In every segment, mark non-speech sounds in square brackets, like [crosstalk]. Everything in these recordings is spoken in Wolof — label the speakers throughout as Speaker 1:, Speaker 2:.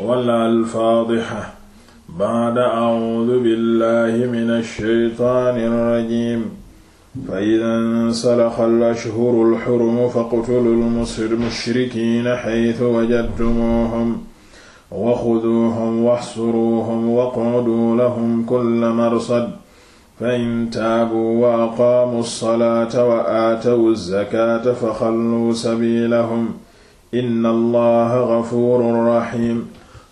Speaker 1: wala alfaadixa baada acuudu billahi min alsheytaani alrajim fa ida nsalaxa alashhuru alxurumu faqtulu lmushrikiina xaytu wajadtumuuhum waxuduuhum waxsuruuhum waqcuduu lahum kulla marsad fa in taabuu wa aqaamuu alsalaata wa aatawu alzakaata fa xalluu sabiilahum inna allaha gafuurun raxiim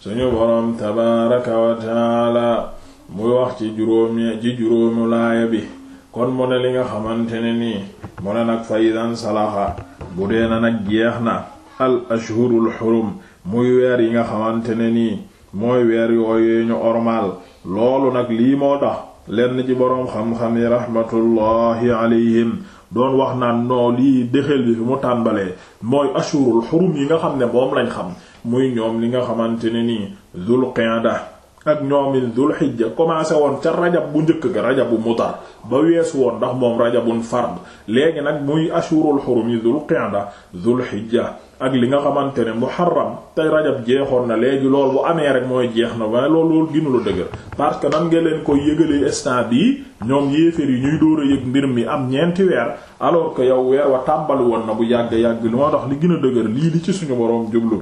Speaker 1: suñu boroom tabaaraka wa taala muy wax ci juróomi ci juróomu laaya bi kon mu ne li nga xamante ne nii mu ne nag fayidan salaxa bu dee na nag jeex na al ashhurul xurum muy weer yi nga xamante ne nii mooy weer yooyu ñu ormaal loolu nag lii moo tax lenn ci boroom xam-xam yi raxmatullaahi alayhim doon wax naa noo lii déxel bi fi mu tàmbalee mooy ashurul xurum yi nga xam ne moom lañ xam muy ñoom li nga xamante ne nii zul qiyada ak ñoomin zul xijja commencé woon ca rajab bu njëkk ga rajabu mutar ba weesu woon ndax moom rajabun fard léegi nag muy ashurul xurum yi zul qiyada zul xijja ak li nga xamante ne muharram tey rajab jeexoon na léegi loolu bu amee rek mooy jeex na waaye lool loolu ginu dëgër parce que nan nga leen koy yëgalee instant bii ñoom yéeféer yi ñuy dóor a yëg mbir mi am ñeenti weer alors que yow weer wa tàmbali woon na bu yàgg yàgg li moo tax li gën a dëgër lii li ci suñu boroom jublu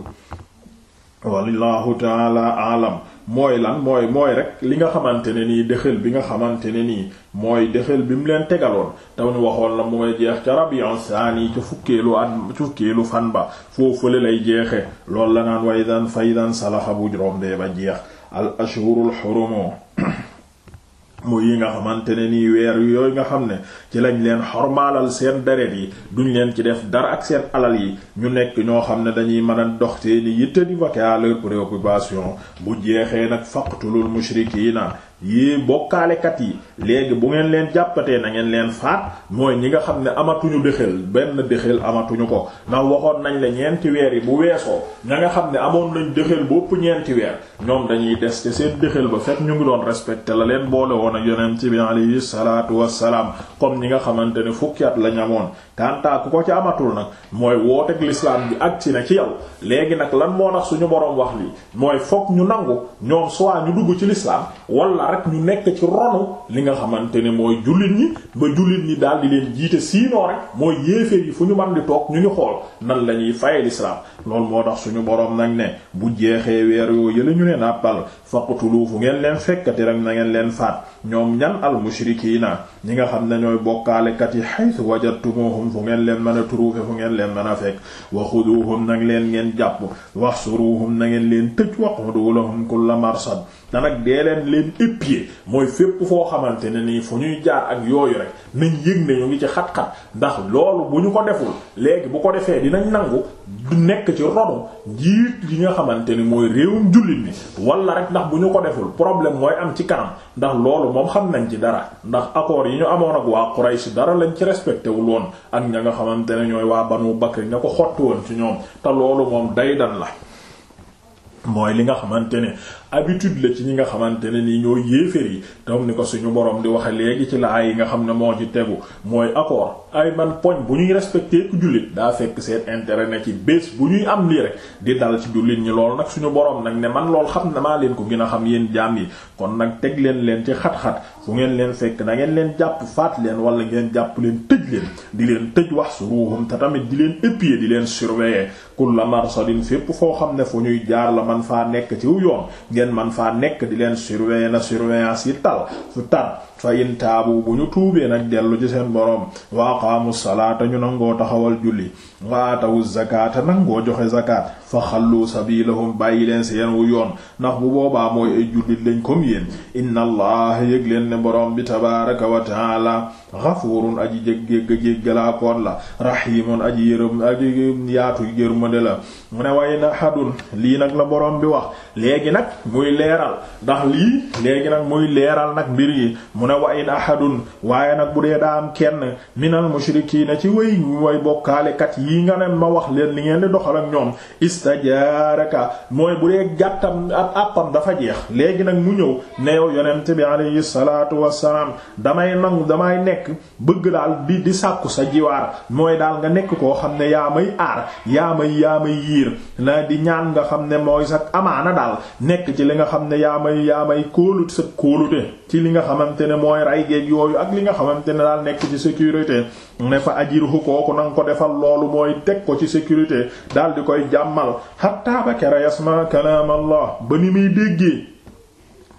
Speaker 1: wallahu taala alam mooy lan mooy mooy rek li nga xamante ne nii dëxël bi nga xamante ne nii mooy dëxël bi mu leen tegaloon te ñu waxoon la mooy jeex ca rabi'un saani ca fukkeelu at fukkeelu fan ba foofule lay jeexe loolu la naan way daan fay daan salaxa bu juróom ba jeex al ashhurul hurum [coughs] mu yi nga xamante ne nii weer yooyu nga xam ne ci lañ leen xormaalal seen deret yi duñu leen ci def dara ak seen alal yi ñu nekk ñoo xam ne dañuy mën a dox seeni yitte di vaquer à leurs préoccupations bu jeexee nag faqtulul mushrikiina yii bokkaalekat yi léegi bu ngeen leen jàppatee na ngeen leen faat mooy ñi nga xam ne amatuñu dëxel benn dëxel amatuñu ko ndax waxoon nañ la ñeenti weer yi bu weesoo ña nga xam ne amoon nañ dëxel bopp ñeenti weer ñoom dañuy des ci seen dëxel ba fekk ñu ngi doon respecté la leen boole woon ak yonent bi alayhi salaatu wassalaam comme ñi nga xamante ne fukki at la ñamoon kanta ko ci amatul nag mooy wooteek lislaam bi ak ci na ci yow léegi nag lan moo tax suñu boroom wax li mooy fokk ñu nangu ñoom dugg ci lislaam rek ñu nekk ci ronu li nga xamante ne mooy jullit ñi ba jullit ñi daal di leen jiite siinoo rek mooy yéeféer yi fu ñu man di toog ñu ngi xool nan la ñuy faye lislaam loolu moo tax suñu boroom nag ne bu jeexee weer yoo yële ñu ne nàppal faqtulu fu ngeen leen fekkati rek na ngeen leen faat ñoom ñan al mushrikiina ñi nga xam ne ñooy bokkaalekat yi haythu wajadtumuhum fu ngeen leen mën a trouver fu ngeen leen mën a fekk wa xuduhum nag leen ngeen jàpp waxsuruhum na ngeen leen tëj waqudu lahum kulla marsad te nag dee leen leen épier mooy fépp foo xamante ne nii fu ñuy jaar ak yooyu rek nañ yëg ne ngi ci xat-xat ndax loolu bu ñu ko deful léegi bu ko defee dinañ nangu du nekk ci ronu njiit yi nga xamante ni mooy réewum jullit mi wala rek ndax bu ñu ko deful problème mooy am ci kanam ndax loolu moom xam nañ ci dara ndax accords yi ñu amoon ak waa si dara lañ ci respecté wul woon ak ña nga xamante ne ñooy waa Banu Bakr ña ko xottu woon ci ñoom te loolu moom day dan la mooy li nga xamante ne habitude la ci ñi nga xamante ne nii ñoo yéeféer yi tam ni ko suñu borom di waxe léegi ci la ay yi nga xam ne moo ci tegu mooy accord ay man poñ bu ñuy respecté ku jullit daa fekk seen intere na ci bés bu ñuy am lii rek di dal ci jullit ñi lool nag suñu borom nag ne man lool xam na maa leen ko gën a xam yéen jaam yi kon nag teg leen leen ci xat-xat fu ngeen leen fekk da ngeen leen jàpp faat leen wala ngeen jàpp leen tëj di leen tëj wax suruhum te tamit di leen épier di leen surveiller kulla marsadin fépp foo xam ne fu ñuy jaar la man faa nekk ci yoon ngeen man faa nekk di leen surveiller na surveillance yi tal fu tar fa in taabu bu ñu tuubee nag dellu ci seen boroom wa aqaamu salaata ñu nangoo taxawal julli wa atawu zakata nangoo joxe zakat fa xallu sabilahum bàyyi leen seen wu yoon ndax bu boobaa mooy ay jullit lañ comme yéen inna allaha yëg leen ne boroom bi tabaraka wa taala ghafuurun aji jéggégga jéggalaa koon la rahimun aji yërëm aji yaatu yërmande la mu ne way na hadun lii nag la boroom bi wax léegi nag muy leeral ndax lii léegi nag muy leeral nag mbir yi ne wa in ahadun waaye nag bu dee daa am kenn minal mushrikiina ci way way bokkaalekat yi nga ne ma wax leen li ngeen di doxal ak ñoom istajaaraka mooy bu dee gàttam ab àppam dafa jeex léegi nag mu ñëw ne yow yonent bi alayhi salaatu wassalaam damay nangu damay nekk bëgg daal di di sàkku sa jiwaar mooy daal nga nekk koo xam ne yaa may aar yaa may yaa may yiir na di ñaan nga xam ne mooy sa amaana daal nekk ci li nga xam ne yaa may yaa may kóolut sa kóolute ci li nga mooy rey géeg yooyu ak li nga xamante ne daal nekk ci sécurité ne fa ajirhu kooku nanga ko defal loolu mooy teg ko ci sécurité daal di koy jàmmal hatta ba kera yasma kalam allah ba ni muy déggee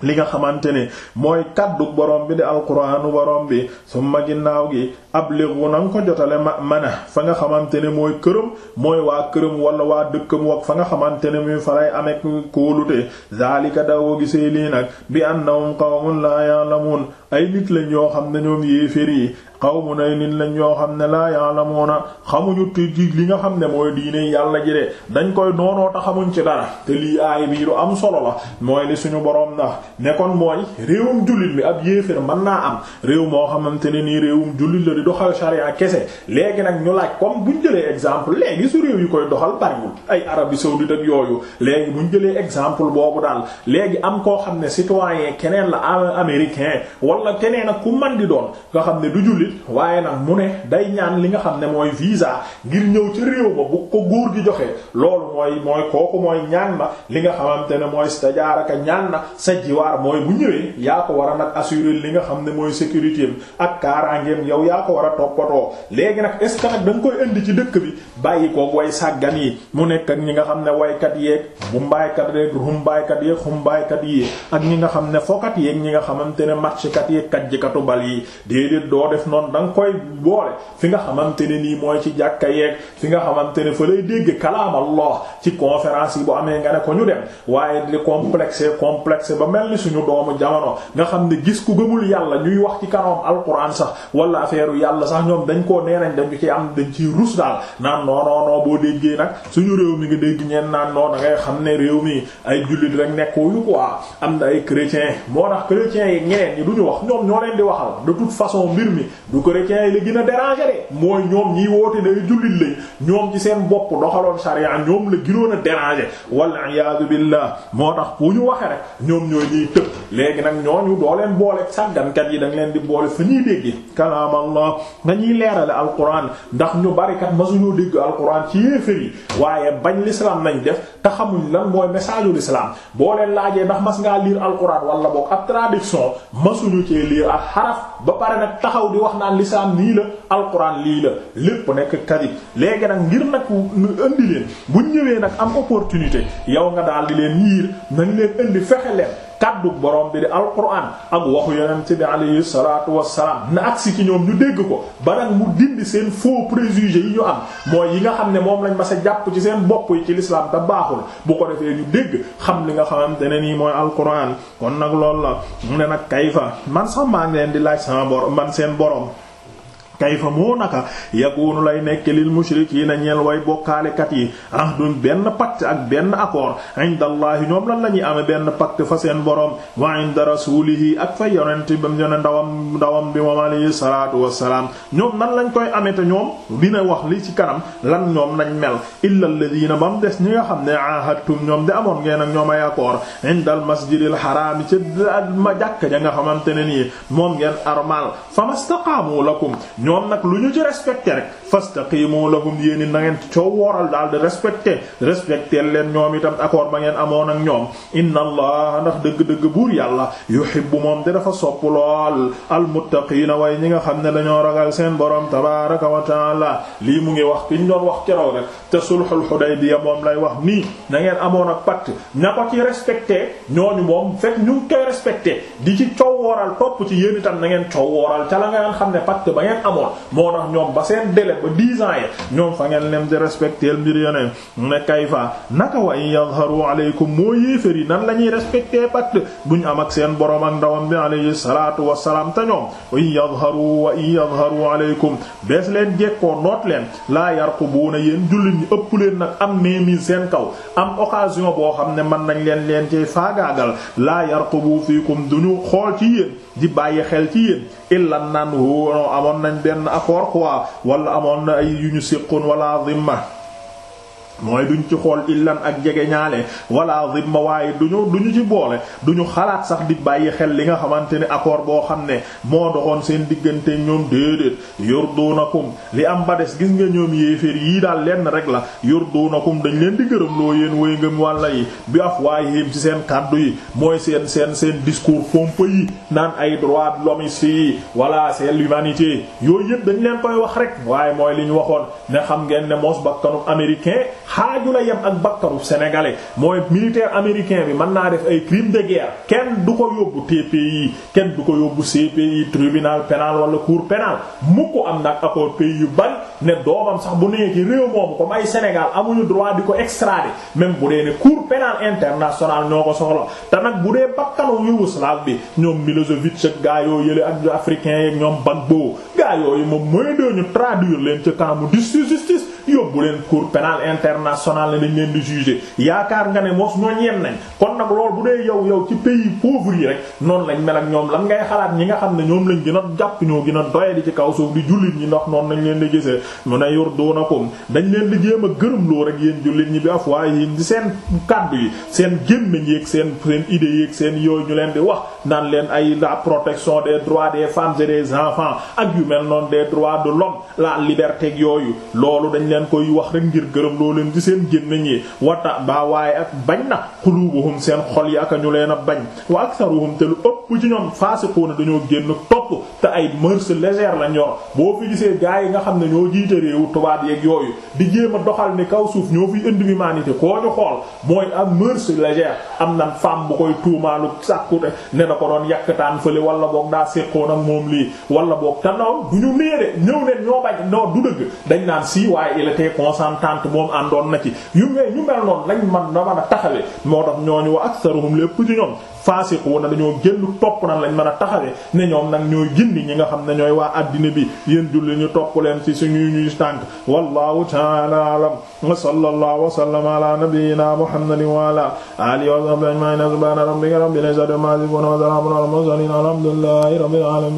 Speaker 1: li nga xamante ni mooy kàddu borom bi di alquraanu borom bi ma ginnaaw gi ablighu na nga ko jotale ma mana fa nga xamante ne mooy këram mooy waa këram wala waa dëkkam wak fa nga xamante ne muy faray amek kóolute zalika dawo gisee lii nag bi annahum qawmun la ya'lamun ay nit lañ yoo xam ne ñoom yéefér yi qawmun ay nit lañ yoo xam ne la ya'lamuna xamuñu ti li nga xam ne mooy diine yàlla ji de dañ koy noonoo ta xamuñ ci dara te lii aay bi am solo la mooy li suñu boroom na ne kon mooy réewum jullit bi ab yéefér mën naa am réew moo xamante ne nii réewum jullit la di doxal sharia kese léegi nag ñu laaj comme buñ jëlee exemple léegi su réew yi koy doxal bariwul ay Arabie saoudite ak yooyu léegi buñ jëlee exemple boobu daal léegi am koo xam ne citoyen keneen la américain wala keneen ak ku man di doon nga xam ne du jullit waaye nag mu ne day ñaan li nga xam ne mooy visa ngir ñëw ci réew ba bu ko góor gi joxee loolu mooy mooy kooku mooy ñaan na li nga xamante ne mooy stajaaraka ñaan na sa jiwaar mooy bu ñëwee yaa ko war a li nga xam ne mooy sécurité ak war a toppatoo léegi nag est ce que nag da koy indi ci dëkk bi bàyyi koog woy sàggan yi mu nekk ak ñi nga xam ne waykat yeeg mumbaaykat yeeg rumbaaykat yeeg xumbaaykat yi ak ñi nga xam ne fokat yeeg ñi nga xamante ne matchkat yeeg kajjkatu bal yi déedéet doo def noonu danga koy boole fi nga xamante ne nii mooy ci jàkka yeeg fi nga xamante ne fa lay dégg kalaam Allah ci conférence yi bu amee nga ne ko ñu dem waaye di complexe complexe ba mel ni suñu doomu jamono nga xam ne gis ku gëmul yàlla ñuy wax ci kanam alquran sax wala affaire yàlla sax ñoom dañ koo nee nañ dañu ci am dañ ciy rus daal non non non boo déggee nag suñu réew mi nga dégg ñeen naan non da xam ne réew mi ay jullit rek ko quoi am na ay chrétiens moo tax chrétiens yi ñeneen ñi du ñu wax ñoom ñoo leen di waxal de toute façon mbir mi du chrétiens yi la gën a déranger de mooy ñoom ñiy woote day jullit lañ ñoom ci seen bopp doxaloon charia ñoom la gënoon a déranger wal iyaadu billah moo tax bu ñu waxe rek ñoom ñooy ñuy tëb léegi nag ñooñu doo leen boole sàggankat yi da leen di boole fa ñuy dégg alquran ci yéefér yi waaye bañ lislaam nañ def te xamuñ lan mooy message u l'islam boo leen ajee ndax mas ngaa lire alquran wala boog ab traduction masuñu cee lire ak xaraf ba pare nag taxaw di wax naan l'islam nii la alquran lii la lépp nekk kadib léegi nag ngir nag indi leen buñ ñëwee nag am opportunité yow nga daal di leen yiir nañ leen indi fexe leen kaddu borom bi di alquran ak waxu yonent bi alayhi salaatu wassalaam na agsi ci ñoom ñu dégg ko ba nag mu dindi seen faux préjugés yi ñu am mooy yi nga xam ne moom lañ ma sa jàpp ci seen bopp yi ci l'islam te baaxul bu ko defee ñu dégg xam li nga xamante ne nii mooy alquran kon nag loolu la mu ne nag kayfa man sax maa ngi leen di laaj sama borom man seen borom kayfa moo naka yakunu lay nekk lil mushrikiina ñeel way bokkaalekat yi ahdun benn pacte ak benn accord indallaahi ñoom lan la ñuy amee benn pacte fa seen borom wa inda rasulihi ak fa yonent bam yone ndawam ndawam bi moom alayhi salaatu wassalaam ñoom nan lañ koy amee te ñoom dina wax li ci kanam lan ñoom nañ mel illa alladina ba mu des ñi nga xam ne ahadtum ñoom di amoon ngeen ak ñoom ay accord indal masjidil haram ca ma jàkk ja nga xamante ne nii moom ngeen armal famastaqaamu lakum ñoom nag lu ñu ci respecté rek fastaqimu lahum yéen nangeen ngeen coo wooral daal di respecté respecté leen ñoom itam accord ba ngeen amoon ak ñoom inna allah ndax dëgg-dëgg buur yàlla yuhibbu moom te dafa sopp lool almuttaqiina waaye ñi nga xam ne dañoo ragal seen borom tabaaraka wa taala lii mu ngi wax ki ñu doon wax ci raw rek te sulhul hudaybiya moom lay wax nii na ngeen amoon ak pacte ña ko ci ñoo ñooñu moom fekk ñu ngi koy respecté di ci coow wooral topp ci yéen itam na ngeen coow amoon moo tax ñoom ba seen délai ba dix yi ñoom fa ngeen lem di respecter mbir yoneen ne kayfa naka wa in yadharu aleykum moo yéefér yi nan la ñuy pacte bu ñu am ak seen borom ak ndawam bi alayhi salatu wasalaam te ñoom in yadharu wa in yadharu aleykum bees leen jekkoo noot leen laa yarqubuuna yéen jullit ñi ëpp leen nag am néemi seen kaw am occasion boo xam ne mën nañ leen leen ci faagaagal laa yarqubu fiikum duñu xool ci yéen di bàyyi xel benn accord quoi wala amoon na ay yu ñu séqoon wala zimma mooy duñu ci xool illan ak jege ñaale wala ma waaye duñu duñu ci boole duñu xalaat sax di bàyyi xel li nga xamante ne accord boo xam ne moo doxoon seen diggante ñoom déedéet yurdunakum li am ba des gis nga ñoom yéeféer yii daal lenn rek la yurdunakum dañ leen di gërëm loo yéen woy ngëm wàlla yi bi afwaahihim ci seen kàddu yi mooy seen seen seen discours pompeux yi naan ay droits de l'homme yi wala c'est l'humanité yooyu dañ leen koy wax rek waaye mooy li ñu waxoon ne xam ngeen ne mos bakkanu américain xaaju la yem ak bakkaru sénégalais mooy militaire américain bi man naa def ay crime de guerre kenn du ko yóbbu TPI kenn du ko yóbbu CPI tribunal pénal wala cour pénal mu ko am nag accord pays yu bari ne doomam sax bu nee ci réew moomu ko ay Sénégal amuñu droit di ko extrader même bu dee ne cour pénal international ñoo ko soxla te nag bu dee bakkanu Yougoslave bi ñoom Milosevic ak gaa yoo yële ak africain yeeg ñoom ban gaa yooyu moom mooy dee ñu traduire leen ca kanamu justice justice yóbbu leen cour pénal international ne dañ leen di juger yaakaar nga ne mos ñoo ñeem nañ kon nag lool bu dee yow yow ci pays pauvre yi rek noonu lañ mel ak ñoom lan ngay xalaat ñi nga xam ne ñoom lañ gën a jàpp ñoo gën a doye di ci kaw suuf ñi ndax noonu lañ leen di gisee mu ne yurdunakum dañ leen di jéem a gërëmloo rek yéen jullit ñi bi afwaahihim di seen kaddu seen gémmiñ yeeg seen seen idée yeeg seen yooyu ñu leen di wax naan leen ay la protection des droits des femmes et des enfants ak yu mel noonu des droits de l'homme la liberté yooyu loolu dañ leen dañ koy wax rek ngir gërëm loo leen di seen gémmiñ yi wata baa waaye ak bañ na xulubuhum seen xol yi aka ñu leen a bañ wa aksaruhum te lu ëpp ci ñoom faasiquuna dañoo génn topp te ay mœurs légères la ñor boo fi gisee gaa yi nga xam ne ñoo jiite réewu tubaab yeeg yooyu di jéem a doxal ni kaw suuf ñoo fiy indi humanité koo ñu xool mooy am mœurs légères am na femme bu koy tuumaalu sàkkute ne da ko doon yàkkataan fële wala boog daa séqoon ak moom lii wala boog tee consentante moom àndoon na ci yu mel ñu mel noonu lañ man na mën a taxawee moo tax ñooñu wa aksaruhum lépp ci ñoom fasiquna dañoo génn topp nan lañ mën a taxawee ne ñoom nag ñooy gindi ñi nga xam ne ñooy waa addina bi yéen julli ñu topp leen ci suñuy ñuy tànk wallahu ta'ala alam wa sallallahu wa sallama ala nabiyyina muhammadin wa ala alihi wa alamin